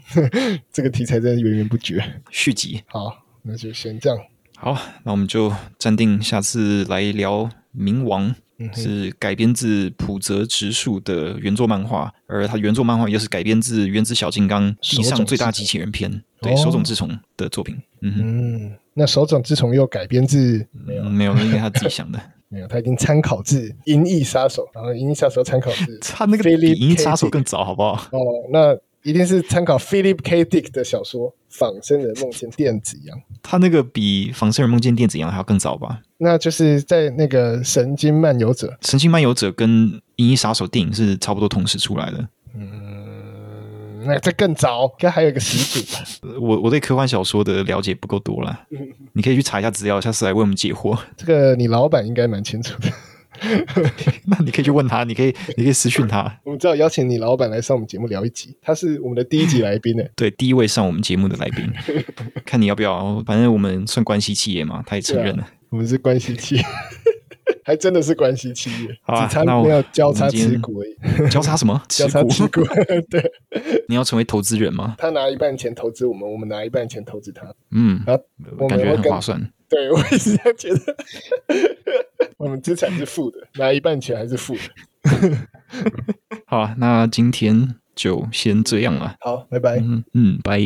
這個題材真的源源不絕。續集。好，那就先這樣。好，那我們就暫定下次來聊冥王。是改編自浦澤直樹的原作漫畫，而他原作漫畫又是改編自《原子小金剛》《地上最大機器人》篇，手塚治蟲對手冢治蟲的作品。哦、嗯，哼嗯，那手冢治蟲又改編自沒有、嗯、沒有，因為他自己想的， 沒有，他已經參考自《銀翼殺手》，然後《銀翼殺手》參考自他那個比《銀翼殺手》更早，好不好？哦，那。一定是參考 Philip K. Dick 的小說《仿生人夢見電子羊》一樣，他那個比《仿生人夢見電子羊》還要更早吧？那就是在那個《神經漫遊者》。《神經漫遊者》跟《銀翼殺手》電影是差不多同時出來的。嗯，那這更早，應該還有一個始祖吧？我我對科幻小說的了解不夠多啦， 你可以去查一下資料，下次來為我們解惑。這個你老板應該蠻清楚的。 那你可以去問他，你可以你可以私訊他。我們只要邀請你老板來上我們節目聊一集，他是我們的第一集來賓呢，對，第一位上我們節目的來賓。看你要不要，反正我們算關係企業嘛，他也承認了，啊、我們是關係企業，還真的是關係企業。 好吧、啊，那我只差沒有交叉持股而已，交叉什麼？交叉持股？ 對，你要成為投資人嗎？他拿一半錢投資我們，我們拿一半錢投資他。嗯，我感覺很划算。對，我也是這樣覺得， 我們資產是負的， 拿一半錢還是負的。 好，那今天就先這樣了。好，拜拜。嗯，嗯、拜。